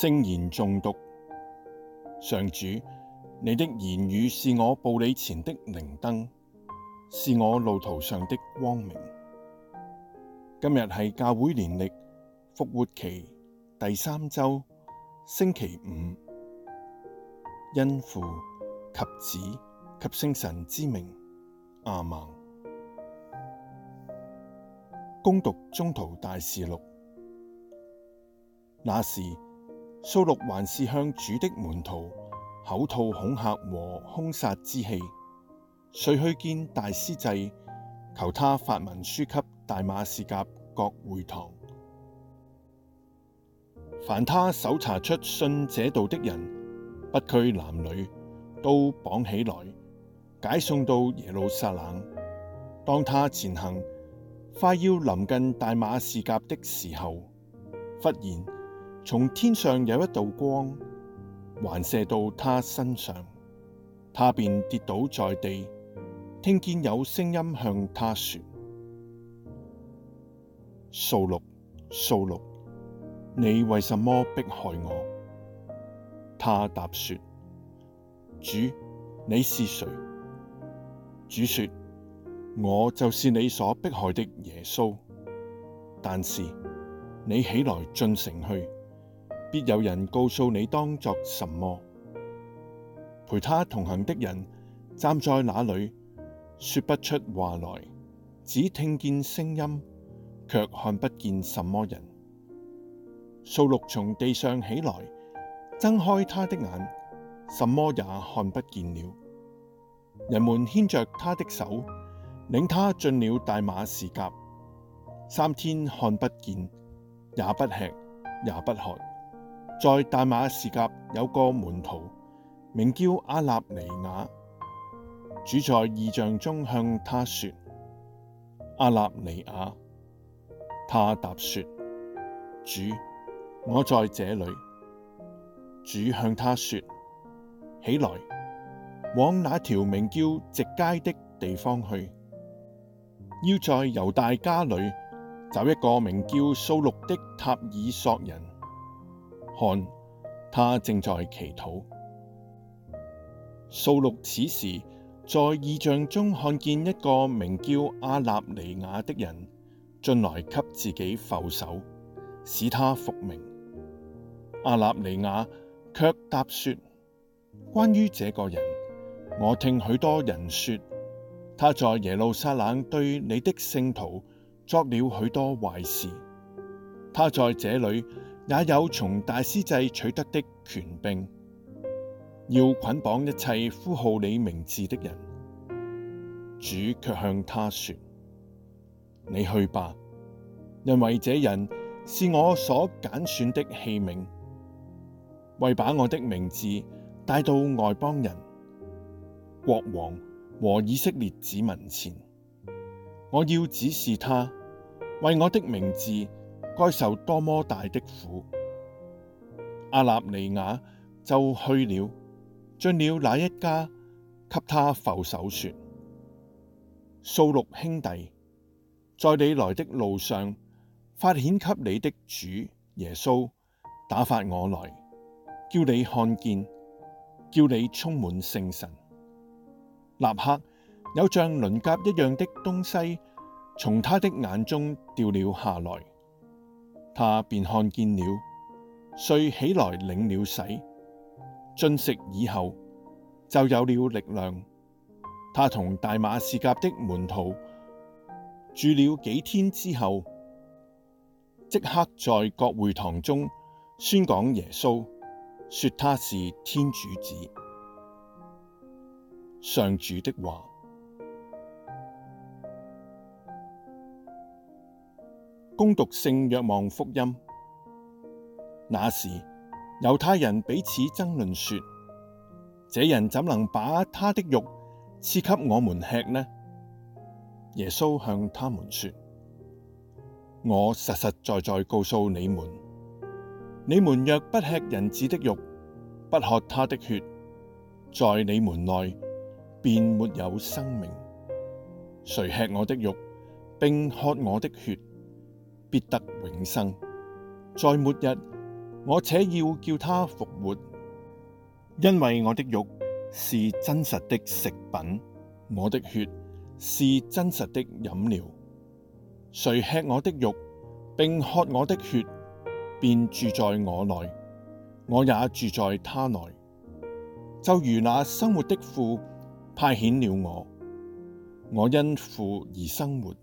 聖言誦讀。上主，你的言語是我步履前的靈燈，是我路途上的光明。今日係教會年曆復活期第三周星期五，因父及子及聖神之名，阿門。恭讀宗徒大事錄，那時。掃祿還是向主的門徒口吐恐嚇和兇殺之氣，遂去見大司祭，求他發文書給大馬士革各會堂，凡他搜查出信這道的人，不拘男女，都綁起來，解送到耶路撒冷。當他前行，快要臨近大馬士革的時候，忽然。從天上有一道光，環射到他身上，他便跌倒在地。聽見有聲音向他說：掃祿，掃祿，你為什麼迫害我？他答說：主，你是誰？主說：我就是你所迫害的耶穌。但是你起來進城去。必有人告訴你當作什麼。陪他同行的人站在那裏，說不出話來，只聽見聲音，卻看不見什麼人。掃祿從地上起來，睜開他的眼，什麼也看不見了。人們牽着他的手，領他進了大馬士革，三天看不見，也不吃，也不喝。在大馬士革有個門徒，名叫阿納尼雅。主在異象中向他說：阿納尼雅，他答說：主，我在這裏。主向他說：起來，往那條名叫直街的地方去，要在猶大家裏找一個名叫掃祿的塔爾索人。看，他正在祈禱。掃祿此時在異象中看見一個名叫阿納尼雅的人進來給自己覆手，使他復明。阿納尼雅卻答說：關於這個人，我聽許多人說，他在耶路撒冷對你的聖徒作了許多壞事。他在這裏，也有從大司祭取得的權柄，要捆綁一切呼號你名字的人。主卻向他說：你去吧，因為這人是我所揀選的器皿，為把我的名字帶到外邦人、國王和以色列子民前。我要指示他，為我的名字。該受多麼大的苦！阿納尼雅就去了，進了那一家，給他覆手說。掃祿兄弟，在你來的路上，發顯給你的主耶穌打發我來，叫你看見，叫你充滿聖神。立刻有像鱗甲一樣的東西從他的眼中掉了下來。他便看見了，遂起來領了洗，進食以後就有了力量。他同大馬士革的門徒住了幾天之後，即刻在各會堂中宣講耶穌，說他是天主子。上主的話。恭讀聖若望福音。那時，猶太人彼此爭論說：這人怎能把他的肉賜給我們吃呢？耶穌向他們說：我實實在在告訴你們，你們若不吃人子的肉，不喝他的血，在你們內便沒有生命。誰吃我的肉，並喝我的血，必得永生，在末日我且要叫他復活，因為我的肉是真實的食品，我的血是真實的飲料。誰吃我的肉並喝我的血，便住在我內，我也住在他內。就如那生活的父派遣了我，我因父而生活，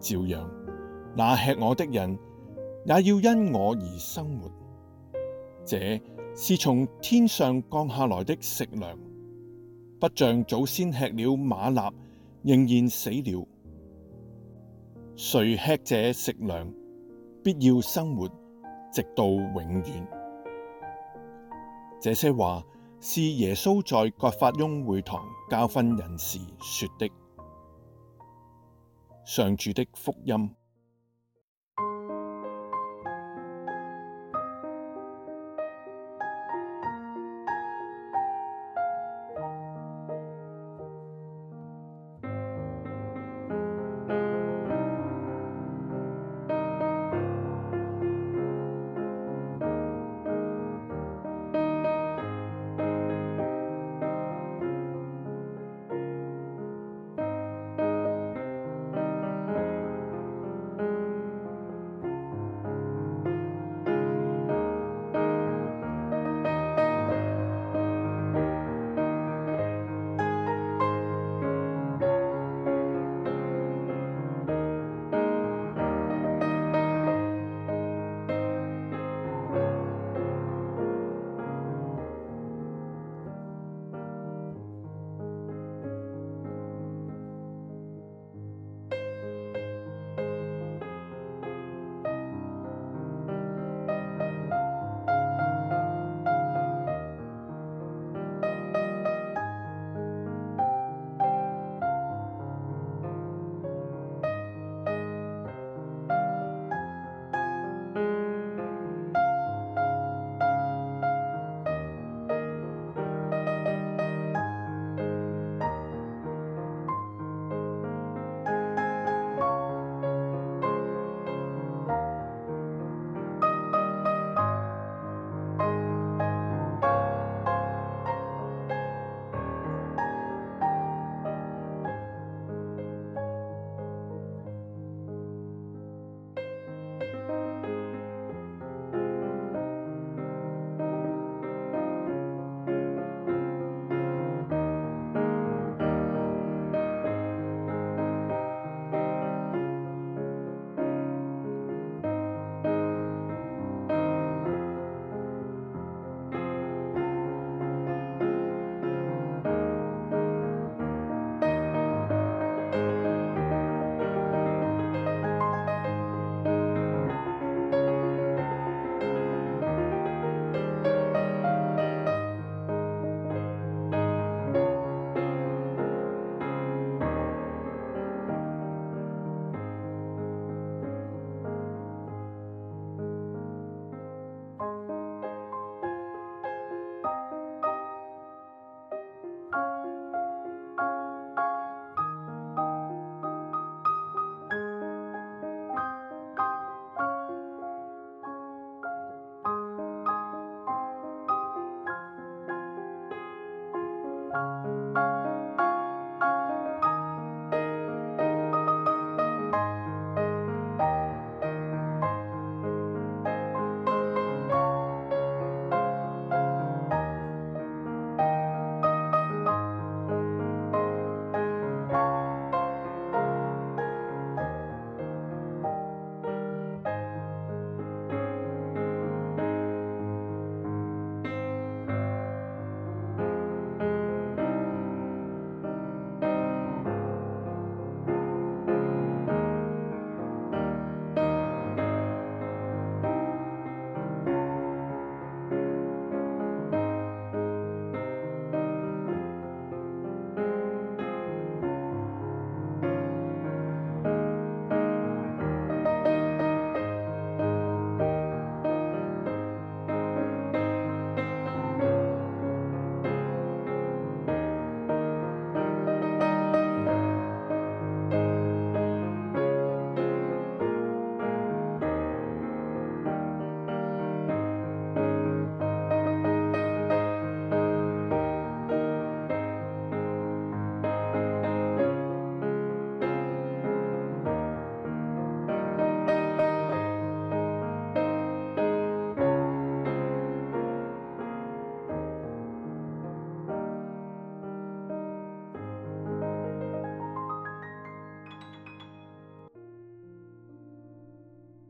照樣。那吃我的人，也要因我而生活。這是從天上降下來的食糧，不像祖先吃了馬納仍然死了。誰吃這食糧，必要生活直到永遠。這些話是耶穌在葛法翁會堂教訓人時說的。上主的福音。